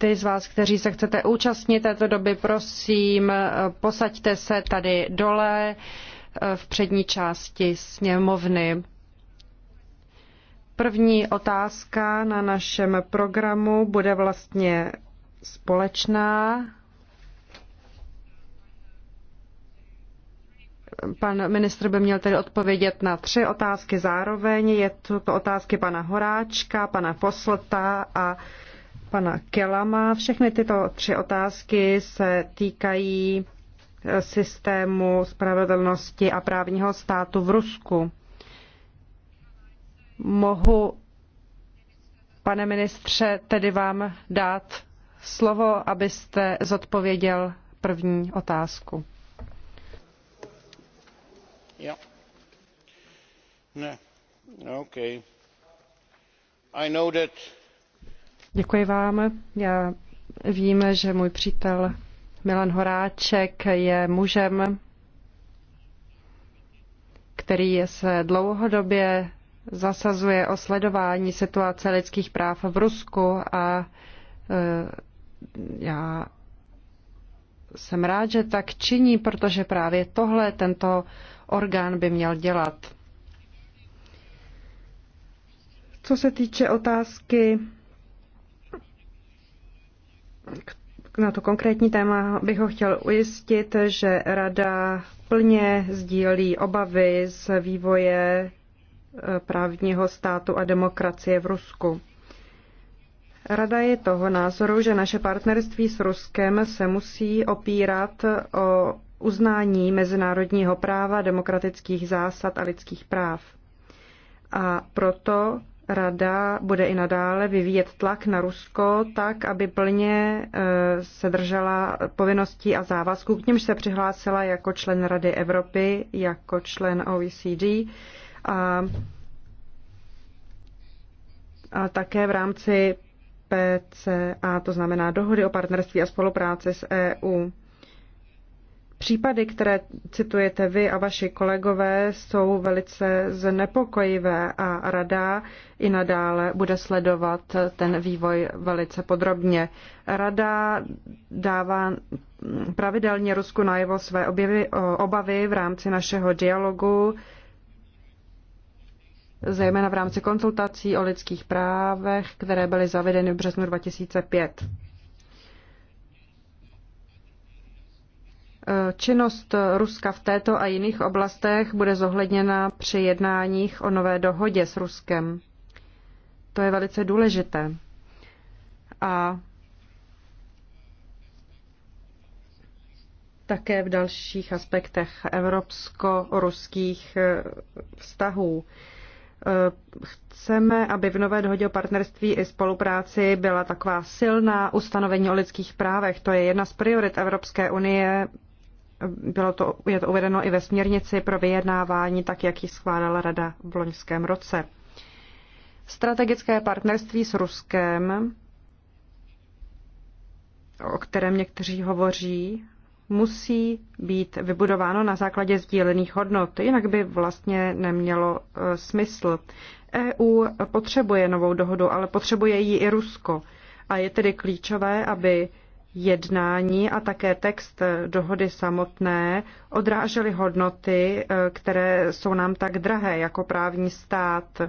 ty z vás, kteří se chcete účastnit této doby, prosím, posaďte se tady dole eh, v přední části sněmovny. První otázka na našem programu bude vlastně společná. Pan ministr by měl tedy odpovědět na tři otázky zároveň. Je to, to otázky pana Horáčka, pana Poslta a pana Kelama. Všechny tyto tři otázky se týkají eh, systému spravedlnosti a právního státu v Rusku. Mohu, pane ministře, tedy vám dát slovo, abyste zodpověděl první otázku. Jo. Ne. Okay. I know that Děkuji vám. Já vím, že můj přítel Milan Horáček je mužem, který se dlouhodobě zasazuje o sledování situace lidských práv v Rusku a e, já jsem rád, že tak činí, protože právě tohle tento orgán by měl dělat. Co se týče otázky na to konkrétní téma bych ho chtěl ujistit, že Rada plně sdílí obavy z vývoje eh, právního státu a demokracie v Rusku. Rada je toho názoru, že naše partnerství s Ruskem se musí opírat o uznání mezinárodního práva, demokratických zásad a lidských práv. A proto Rada bude i nadále vyvíjet tlak na Rusko tak, aby plně e, se držela povinností a závazků, k němž se přihlásila jako člen Rady Evropy, jako člen OECD a, a také v rámci PCA, to znamená dohody o partnerství a spolupráci s EU. Případy, které citujete vy a vaši kolegové, jsou velice znepokojivé a rada i nadále bude sledovat ten vývoj velice podrobně. Rada dává pravidelně Rusku najevo své objevy, obavy v rámci našeho dialogu, zejména v rámci konzultací o lidských právech, které byly zavedeny v březnu 2005. Činnost Ruska v této a jiných oblastech bude zohledněna při jednáních o nové dohodě s Ruskem. To je velice důležité. A také v dalších aspektech evropsko-ruských eh, vztahů. Eh, chceme, aby v nové dohodě o partnerství i spolupráci byla taková silná ustanovení o lidských právech. To je jedna z priorit Evropské unie bylo to, je to uvedeno i ve směrnici pro vyjednávání, tak jak ji schválila Rada v loňském roce. Strategické partnerství s Ruskem, o kterém někteří hovoří, musí být vybudováno na základě sdílených hodnot, jinak by vlastně nemělo e, smysl. EU potřebuje novou dohodu, ale potřebuje ji i Rusko. A je tedy klíčové, aby jednání a také text dohody samotné odrážely hodnoty, eh, které jsou nám tak drahé jako právní stát.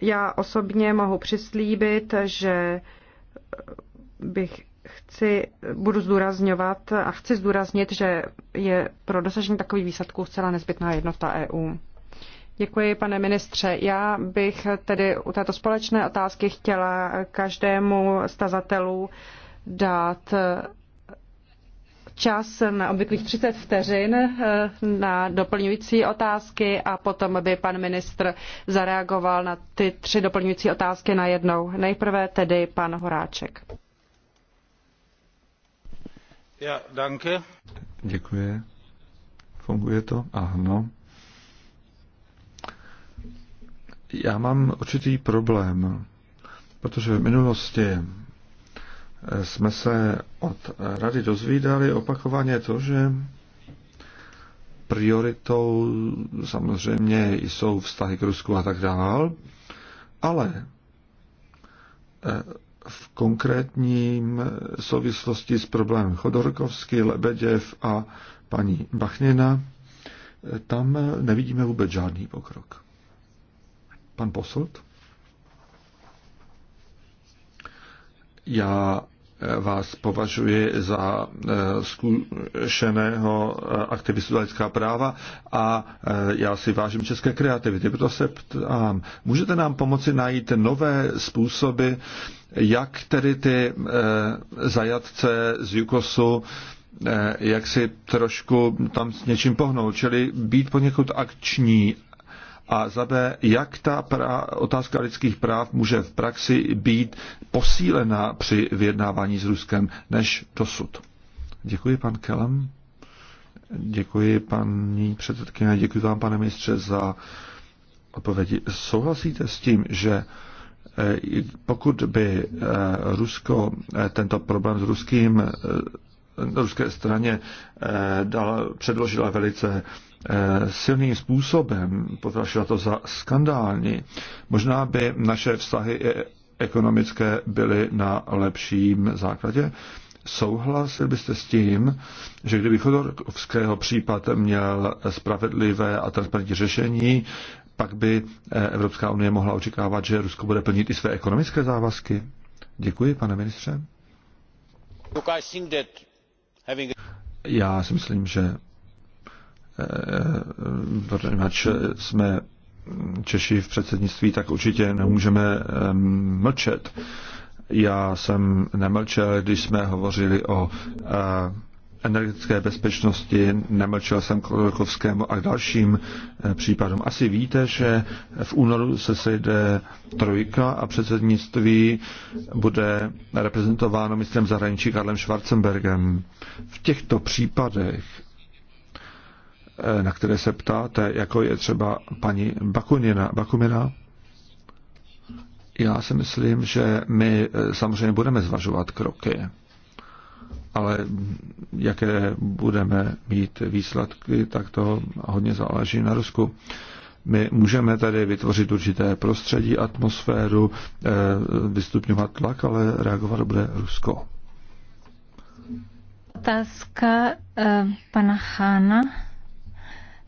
Já osobně mohu přislíbit, že eh, bych chci, budu zdůrazňovat a chci zdůraznit, že je pro dosažení takových výsledků zcela nezbytná jednota EU. Děkuji, pane ministře. Já bych tedy u této společné otázky chtěla každému stazatelů dát eh, čas na obvyklých 30 vteřin eh, na doplňující otázky a potom by pan ministr zareagoval na ty tři doplňující otázky na jednou. Nejprve tedy pan Horáček. Ja, danke. Děkuji. Funguje to? Ano. Já mám určitý problém, protože v minulosti jsme se od rady dozvídali opakovaně to, že prioritou samozřejmě jsou vztahy k Rusku a tak dál, ale eh, v konkrétním souvislosti s problémem Chodorkovský, Lebeděv a paní Bachnina, eh, tam eh, nevidíme vůbec žádný pokrok. Pan Posolt? Já vás považuji za eh, zkušeného eh, aktivistu lidská práva a eh, já si vážím české kreativity, proto se ptám, můžete nám pomoci najít nové způsoby, jak tedy ty zajatce z Jukosu jak si trošku tam s něčím pohnout, čili být poněkud akční a za B, jak ta pra, otázka lidských práv může v praxi být posílena při vyjednávání s Ruskem než dosud. Děkuji, pan Kelem. Děkuji, paní předsedkyně, děkuji vám, pane ministře, za odpovědi. Souhlasíte s tím, že eh, pokud by eh, Rusko eh, tento problém s ruským ruské straně dal předložila velice Eh, silným způsobem, potrašila to za skandální, možná by naše vztahy e- ekonomické byly na lepším základě. Souhlasil byste s tím, že kdyby Chodorkovského případ měl spravedlivé a transparentní řešení, pak by eh, Evropská unie mohla očekávat, že Rusko bude plnit i své ekonomické závazky? Děkuji, pane ministře. Já si myslím, že poněvadž jsme Češi v předsednictví, tak určitě nemůžeme mlčet. Já jsem nemlčel, když jsme hovořili o eh, energetické bezpečnosti, nemlčel jsem Kolokovskému a dalším eh, případům. Asi víte, že v únoru se sejde trojka a předsednictví bude reprezentováno mistrem zahraničí Karlem Schwarzenbergem. V těchto případech Eh, na které se ptáte, jako je třeba paní Bakunina, Bakumina. Já si myslím, že my eh, samozřejmě budeme zvažovat kroky, ale jaké budeme mít výsledky, tak to hodně záleží na Rusku. My můžeme tady vytvořit určité prostředí, atmosféru, eh, vystupňovat tlak, ale reagovat bude Rusko. Otázka pana Hána.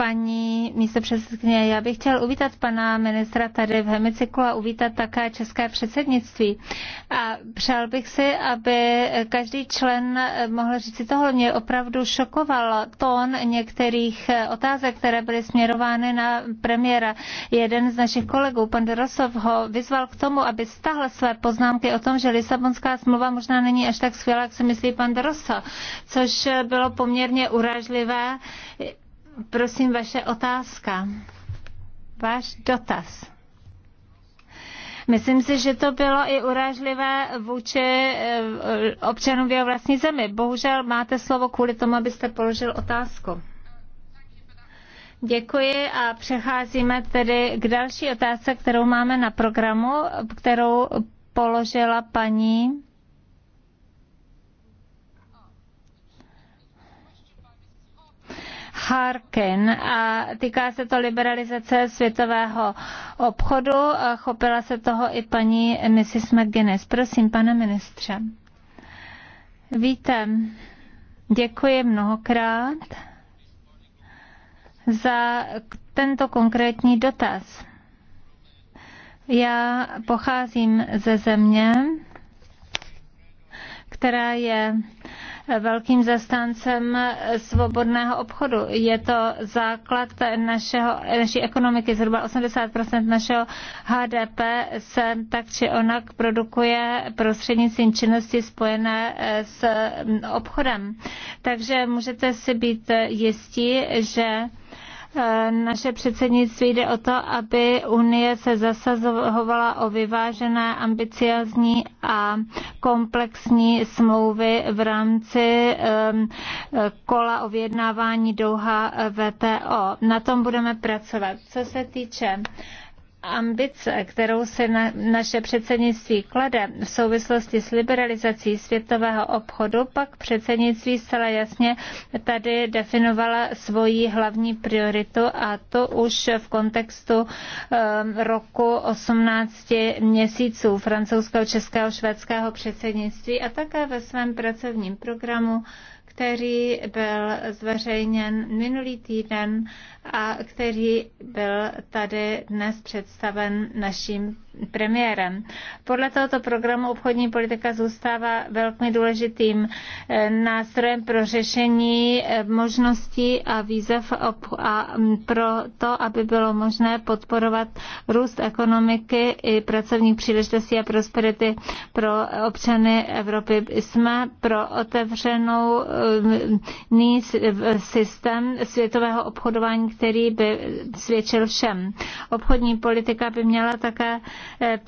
paní místopředsedkyně. Já bych chtěl uvítat pana ministra tady v hemicyklu a uvítat také české předsednictví. A přál bych si, aby každý člen mohl říct si tohle. Mě opravdu šokoval tón některých otázek, které byly směrovány na premiéra. Jeden z našich kolegů, pan Dorosov, ho vyzval k tomu, aby stahl své poznámky o tom, že Lisabonská smlouva možná není až tak skvělá, jak si myslí pan Dorosov, což bylo poměrně urážlivé. Prosím, vaše otázka. Váš dotaz. Myslím si, že to bylo i urážlivé vůči eh, občanům v jeho vlastní zemi. Bohužel máte slovo kvůli tomu, abyste položil otázku. Děkuji a přecházíme tedy k další otázce, kterou máme na programu, kterou položila paní Harkin a týká se to liberalizace světového obchodu. chopila se toho i paní Mrs. McGuinness. Prosím, pane ministře. Víte, děkuji mnohokrát za tento konkrétní dotaz. Já pocházím ze země, která je velkým zastáncem svobodného obchodu. Je to základ našeho, naší ekonomiky. Zhruba 80% našeho HDP se tak či onak produkuje prostřednictvím činnosti spojené s obchodem. Takže můžete si být jistí, že Eh, naše předsednictví jde o to, aby Unie se zasazovala o vyvážené, ambiciozní a komplexní smlouvy v rámci kola o vyjednávání Douha eh, VTO. Na tom budeme pracovat. Co se týče ambice, kterou se na, naše předsednictví klade v souvislosti s liberalizací světového obchodu, pak předsednictví zcela jasně tady definovala svoji hlavní prioritu a to už v kontextu um, roku 18 měsíců francouzského, českého, švédského předsednictví a také ve svém pracovním programu který byl zveřejněn minulý týden a který byl tady dnes představen naším premiérem. Podle tohoto programu obchodní politika zůstává velmi důležitým eh, nástrojem pro řešení eh, možností a výzev a mm, pro to, aby bylo možné podporovat růst ekonomiky i pracovních příležitostí a prosperity pro občany Evropy. Jsme pro otevřenou eh, žádný systém světového obchodování, který by svědčil všem. Obchodní politika by měla také eh,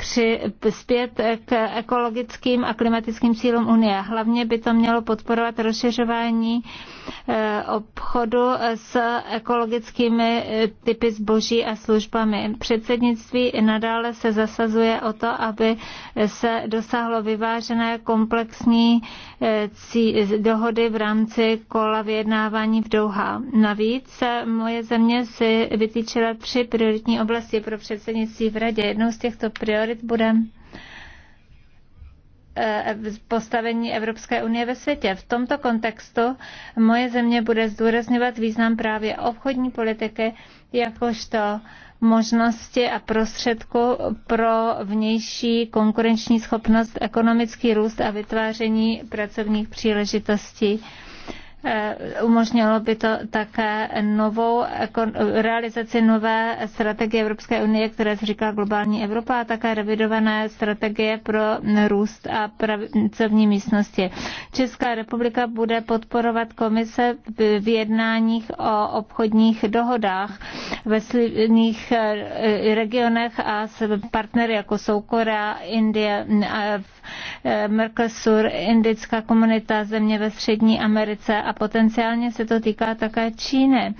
přispět k ekologickým a klimatickým cílům Unie. Hlavně by to mělo podporovat rozšiřování eh, obchodu s ekologickými eh, typy zboží a službami. Předsednictví i nadále se zasazuje o to, aby se dosáhlo vyvážené komplexní dohody v rámci kola vyjednávání v Doha. Navíc moje země si vytýčila tři prioritní oblasti pro předsednictví v Radě. Jednou z těchto priorit bude eh, postavení Evropské unie ve světě. V tomto kontextu moje země bude zdůrazňovat význam právě obchodní politiky jakožto možnosti a prostředku pro vnější konkurenční schopnost, ekonomický růst a vytváření pracovních příležitostí Eh, umožnilo by to také novou realizaci nové strategie Evropské unie, která se říká Globální Evropa, a také revidované strategie pro růst a pracovní místnosti. Česká republika bude podporovat komise v jednáních o obchodních dohodách ve slibných eh, regionech a s partnery, jako jsou Korea, Indie, eh, Mercosur, Indická komunita, země ve Střední Americe a a potenciálně se to týká také Číny.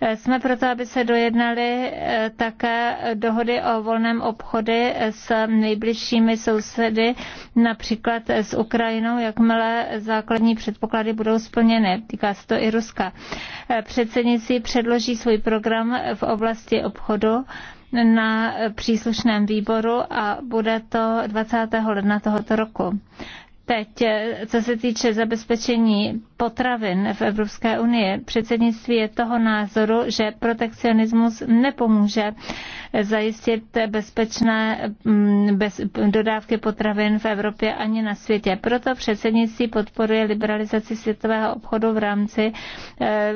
Eh, jsme proto, aby se dojednaly eh, také dohody o volném obchody s nejbližšími sousedy, například s Ukrajinou, jakmile základní předpoklady budou splněny. Týká se to i Ruska. Eh, Předsednici předloží svůj program v oblasti obchodu na příslušném výboru a bude to 20. ledna tohoto roku. Teď, eh, co se týče zabezpečení potravin v Evropské unii, předsednictví je toho názoru, že protekcionismus nepomůže zajistit bezpečné mm, bez, dodávky potravin v Evropě ani na světě. Proto předsednictví podporuje liberalizaci světového obchodu v rámci eh,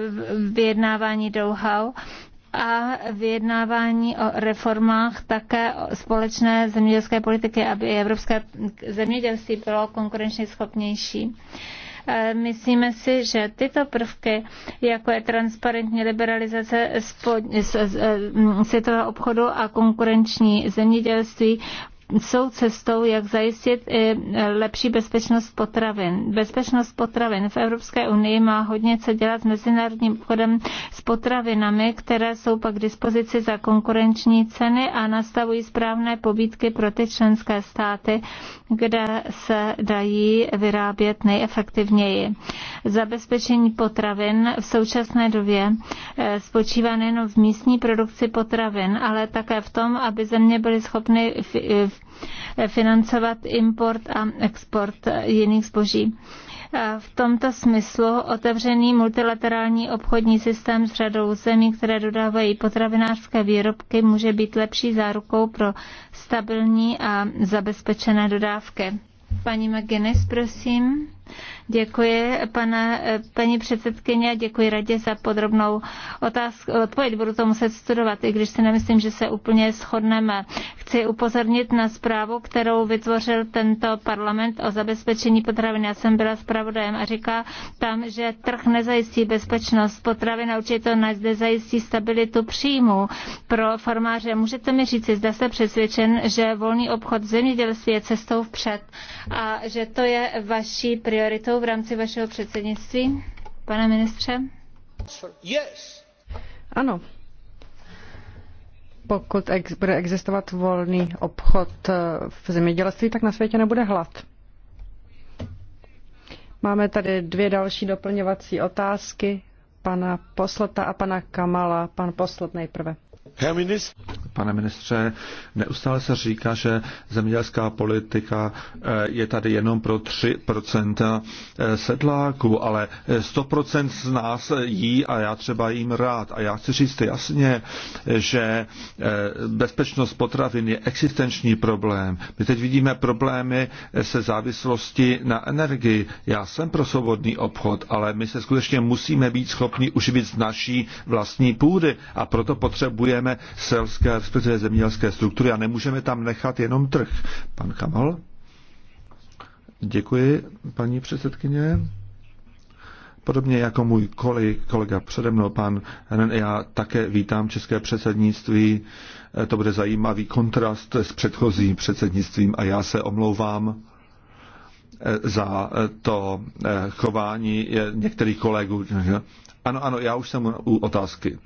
vyjednávání Dohau a vyjednávání o reformách také společné zemědělské politiky, aby evropské zemědělství bylo konkurenčně schopnější. E, myslíme si, že tyto prvky, jako je transparentní liberalizace světového obchodu a konkurenční zemědělství, jsou cestou, jak zajistit i lepší bezpečnost potravin. Bezpečnost potravin v Evropské unii má hodně co dělat s mezinárodním obchodem s potravinami, které jsou pak k dispozici za konkurenční ceny a nastavují správné pobídky pro ty členské státy, kde se dají vyrábět nejefektivněji. Zabezpečení potravin v současné době eh, spočívá nejen v místní produkci potravin, ale také v tom, aby země byly schopny eh, financovat import a export jiných zboží. V tomto smyslu otevřený multilaterální obchodní systém s řadou zemí, které dodávají potravinářské výrobky, může být lepší zárukou pro stabilní a zabezpečené dodávky. Paní McGuinness, prosím. Děkuji, pane, paní předsedkyně, děkuji radě za podrobnou otázku. Odpověď budu to muset studovat, i když si nemyslím, že se úplně shodneme chci upozornit na zprávu, kterou vytvořil tento parlament o zabezpečení potravin. Já jsem byla zpravodajem a říká tam, že trh nezajistí bezpečnost potravin a určitě to nezajistí stabilitu příjmu pro farmáře. Můžete mi říct, zda jste přesvědčen, že volný obchod v zemědělství je cestou vpřed a že to je vaší prioritou v rámci vašeho předsednictví, pane ministře? Yes. Ano, pokud ex- bude existovat volný obchod eh, v zemědělství, tak na světě nebude hlad. Máme tady dvě další doplňovací otázky pana Posleta a pana Kamala. Pan Poslet nejprve pane ministře, neustále se říká, že zemědělská politika eh, je tady jenom pro 3% eh, sedláků, ale 100% z nás jí a já třeba jím rád. A já chci říct jasně, že eh, bezpečnost potravin je existenční problém. My teď vidíme problémy se závislosti na energii. Já jsem pro svobodný obchod, ale my se skutečně musíme být schopni uživit z naší vlastní půdy a proto potřebujeme selské respektive zemědělské struktury a nemůžeme tam nechat jenom trh. Pan Kamal? Děkuji, paní předsedkyně. Podobně jako můj kolega přede mnou, pan Ren, já také vítám české předsednictví. Eh, to bude zajímavý kontrast s předchozím předsednictvím a já se omlouvám eh, za eh, to chování některých kolegů. Ano, ano, já už jsem u otázky.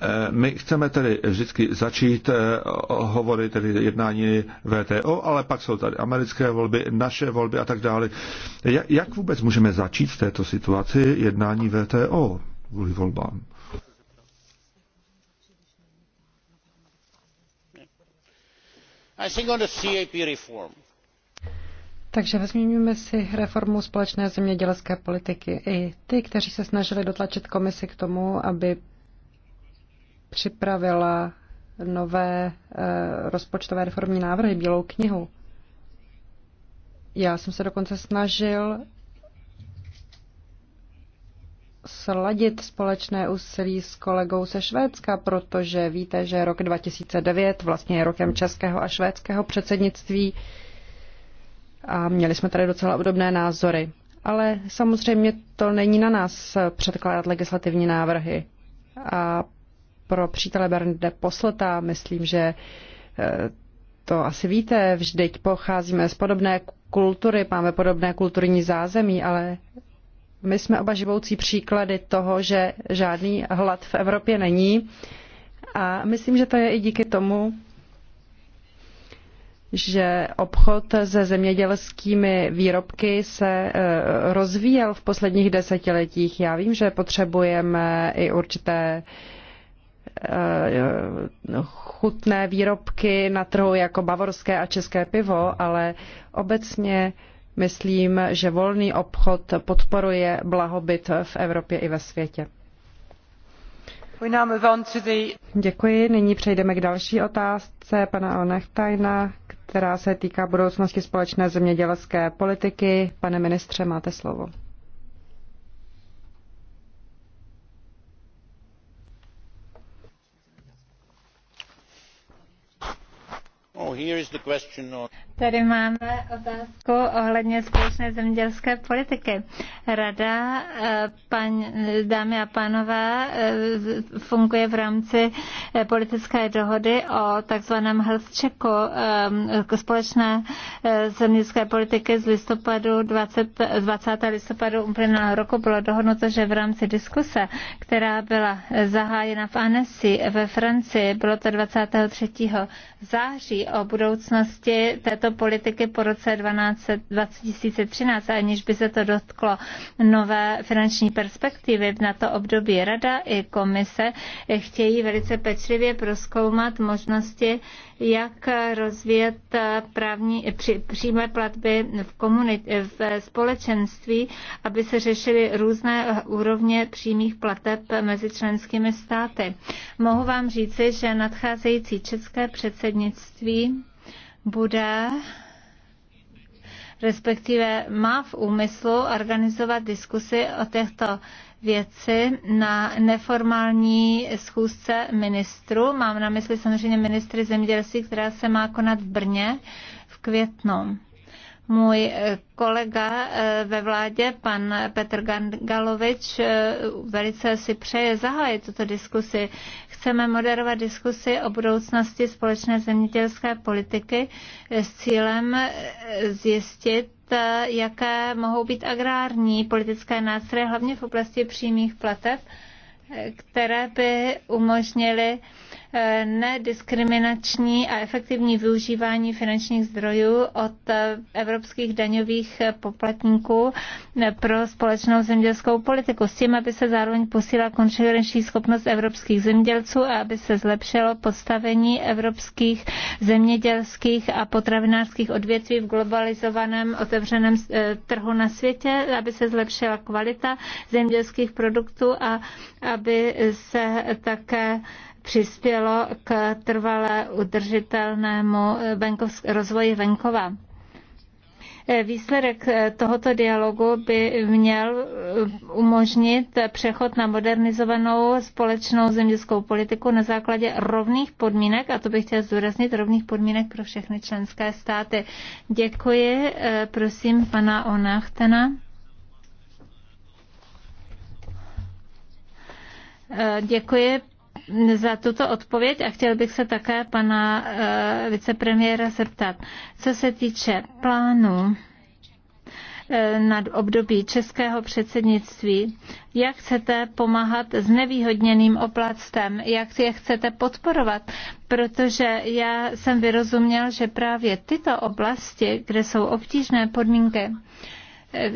Eh, my chceme tedy vždycky začít eh, hovory, tedy jednání VTO, ale pak jsou tady americké volby, naše volby a tak dále. Jak vůbec můžeme začít v této situaci jednání VTO kvůli volbám? Takže vezměme si reformu společné zemědělské politiky. I ty, kteří se snažili dotlačit komisi k tomu, aby připravila nové eh, rozpočtové reformní návrhy, Bílou knihu. Já jsem se dokonce snažil sladit společné úsilí s kolegou se Švédska, protože víte, že rok 2009 vlastně je rokem českého a švédského předsednictví a měli jsme tady docela obdobné názory. Ale samozřejmě to není na nás předkládat legislativní návrhy. A pro přítele Bernde Posleta. Myslím, že eh, to asi víte, vždyť pocházíme z podobné kultury, máme podobné kulturní zázemí, ale my jsme oba živoucí příklady toho, že žádný hlad v Evropě není. A myslím, že to je i díky tomu, že obchod se zemědělskými výrobky se eh, rozvíjel v posledních desetiletích. Já vím, že potřebujeme i určité uh, Eh, chutné výrobky na trhu jako bavorské a české pivo, ale obecně myslím, že volný obchod podporuje blahobyt v Evropě i ve světě. Děkuji. Nyní přejdeme k další otázce pana Onechtajna, která se týká budoucnosti společné zemědělské politiky. Pane ministře, máte slovo. Oh, Tady máme otázku ohledně společné zemědělské politiky. Rada, eh, dámy a pánové, eh, funguje v rámci eh, politické dohody o takzvaném health checku společné zemědělské politiky z listopadu 20, 20. listopadu uplynulého roku bylo dohodnuto, že v rámci diskuse, která byla zahájena v Annecy ve Francii, bylo to 23. září o budoucnosti této politiky po roce 12, 2013, aniž by se to dotklo nové finanční perspektivy na to období. Rada i komise chtějí velice pečlivě proskoumat možnosti jak rozvíjet právní, při, přímé platby v, komunit, v společenství, aby se řešily různé úrovně přímých plateb mezi členskými státy. Mohu vám říci, že nadcházející české předsednictví bude respektive má v úmyslu organizovat diskusy o těchto věci na neformální schůzce ministru. Mám na mysli samozřejmě ministry zemědělství, která se má konat v Brně v květnu. Můj eh, kolega eh, ve vládě, pan Petr Galovič, eh, velice si přeje zahájit tuto diskusi. Chceme moderovat diskusi o budoucnosti společné zemědělské politiky s cílem zjistit, jaké mohou být agrární politické nástroje, hlavně v oblasti přímých plateb, které by umožnily Eh, nediskriminační a efektivní využívání finančních zdrojů od eh, evropských daňových eh, poplatníků pro společnou zemědělskou politiku s tím, aby se zároveň posílila konkurenční schopnost evropských zemědělců a aby se zlepšilo postavení evropských zemědělských a potravinářských odvětví v globalizovaném otevřeném trhu na světě, aby se zlepšila kvalita zemědělských produktů a aby se také přispělo k trvalé udržitelnému rozvoji venkova. Výsledek tohoto dialogu by měl umožnit přechod na modernizovanou společnou zemědělskou politiku na základě rovných podmínek, a to bych chtěl zdůraznit, rovných podmínek pro všechny členské státy. Děkuji, prosím pana Onachtena. Děkuji, za tuto odpověď a chtěl bych se také pana eh, vicepremiéra zeptat. Co se týče plánu eh, nad období českého předsednictví, jak chcete pomáhat znevýhodněným oblastem, jak je chcete podporovat, protože já jsem vyrozuměl, že právě tyto oblasti, kde jsou obtížné podmínky, eh,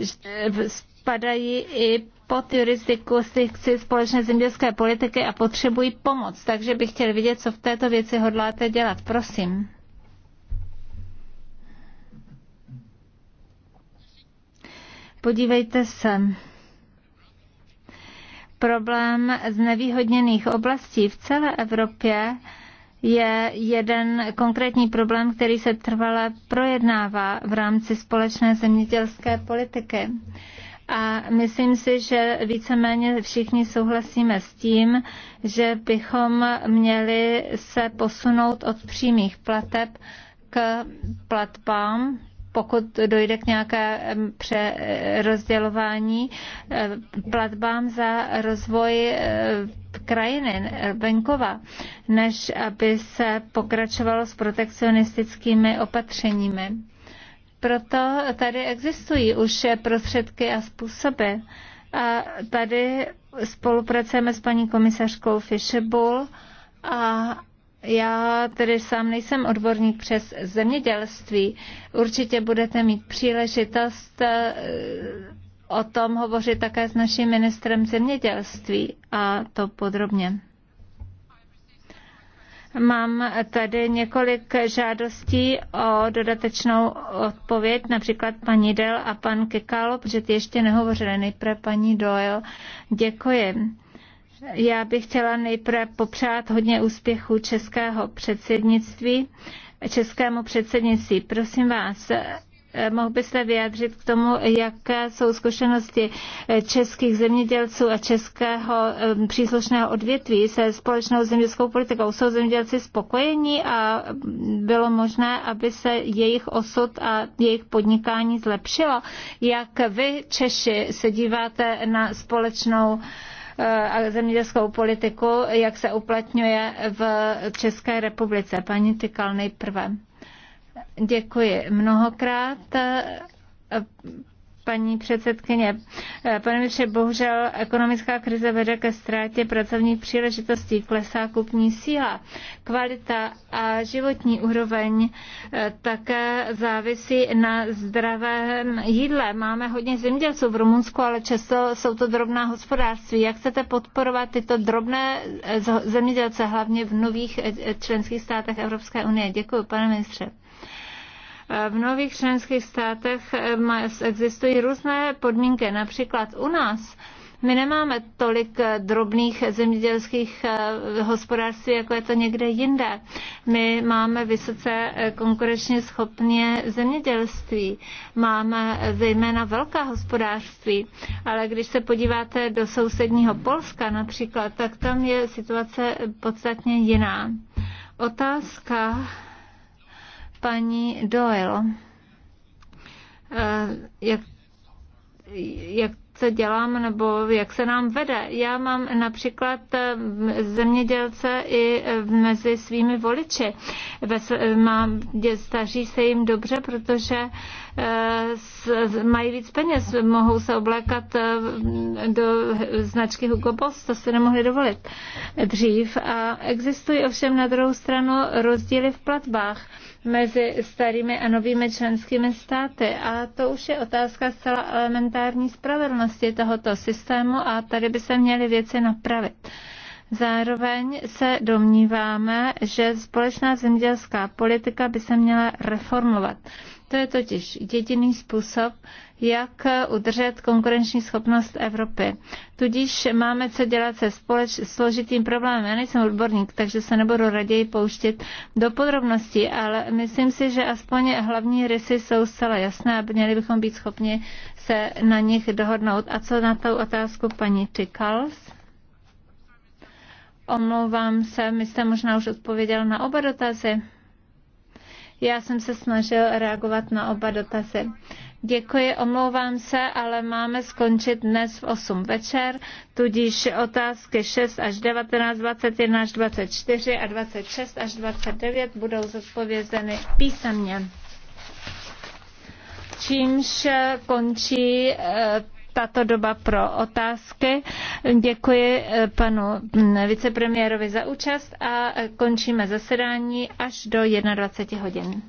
spadají i pod jurisdikci společné zemědělské politiky a potřebují pomoc. Takže bych chtěl vidět, co v této věci hodláte dělat. Prosím. Podívejte se problém z nevýhodněných oblastí v celé Evropě je jeden konkrétní problém, který se trvale projednává v rámci společné zemědělské politiky a myslím si, že víceméně všichni souhlasíme s tím, že bychom měli se posunout od přímých plateb k platbám pokud dojde k nějaké přerozdělování eh, platbám za rozvoj eh, krajiny, venkova, než aby se pokračovalo s protekcionistickými opatřeními. Proto tady existují už prostředky a způsoby. A tady spolupracujeme s paní komisařkou Fischerbull a já tedy sám nejsem odborník přes zemědělství. Určitě budete mít příležitost eh, o tom hovořit také s naším ministrem zemědělství a to podrobně. Mám tady několik žádostí o dodatečnou odpověď, například paní Del a pan Kekalo, protože ty ještě nehovořili. Nejprve paní Doyle. Děkuji. Já bych chtěla nejprve popřát hodně úspěchů českého předsednictví, českému předsednictví. Prosím vás, Eh, mohl byste vyjádřit k tomu, jaké jsou zkušenosti eh, českých zemědělců a českého eh, příslušného odvětví se společnou zemědělskou politikou? Jsou zemědělci spokojení a bylo možné, aby se jejich osud a jejich podnikání zlepšilo? Jak vy, Češi, se díváte na společnou a zemědělskou politiku, jak se uplatňuje v České republice. Paní Tykal nejprve. Děkuji mnohokrát paní předsedkyně. Pane ministře, bohužel ekonomická krize vede ke ztrátě pracovních příležitostí, klesá kupní síla. Kvalita a životní úroveň eh, také závisí na zdravém jídle. Máme hodně zemědělců v Rumunsku, ale často jsou to drobná hospodářství. Jak chcete podporovat tyto drobné eh, zemědělce, hlavně v nových eh, členských státech Evropské unie? Děkuji, pane ministře. V nových členských státech eh, existují různé podmínky. Například u nás my nemáme tolik eh, drobných zemědělských eh, hospodářství, jako je to někde jinde. My máme vysoce konkurenčně schopné zemědělství. Máme zejména velká hospodářství. Ale když se podíváte do sousedního Polska například, tak tam je situace podstatně jiná. Otázka paní Doyle. Eh, jak, jak co dělám nebo jak se nám vede. Já mám například eh, zemědělce i eh, mezi svými voliči. Mám, staří se jim dobře, protože Eh, mají víc peněz, mohou se oblékat eh, do značky Hugo Boss, to si nemohli dovolit dřív. A existují ovšem na druhou stranu rozdíly v platbách mezi starými a novými členskými státy. A to už je otázka zcela elementární spravedlnosti tohoto systému a tady by se měly věci napravit. Zároveň se domníváme, že společná zemědělská politika by se měla reformovat. To je totiž jediný způsob, jak udržet konkurenční schopnost Evropy. Tudíž máme co dělat se společ, složitým problémem. Já nejsem odborník, takže se nebudu raději pouštět do podrobností, ale myslím si, že aspoň hlavní rysy jsou zcela jasné a měli bychom být schopni se na nich dohodnout. A co na tu otázku paní Tykals? Omlouvám se, my jste možná už odpověděl na oba dotazy. Já jsem se snažil reagovat na oba dotazy. Děkuji, omlouvám se, ale máme skončit dnes v 8 večer, tudíž otázky 6 až 19, 21 až 24 a 26 až 29 budou zodpovězeny písemně. Čímž končí eh, tato doba pro otázky. Děkuji eh, panu mm, vicepremiérovi za účast a eh, končíme zasedání až do 21 hodin.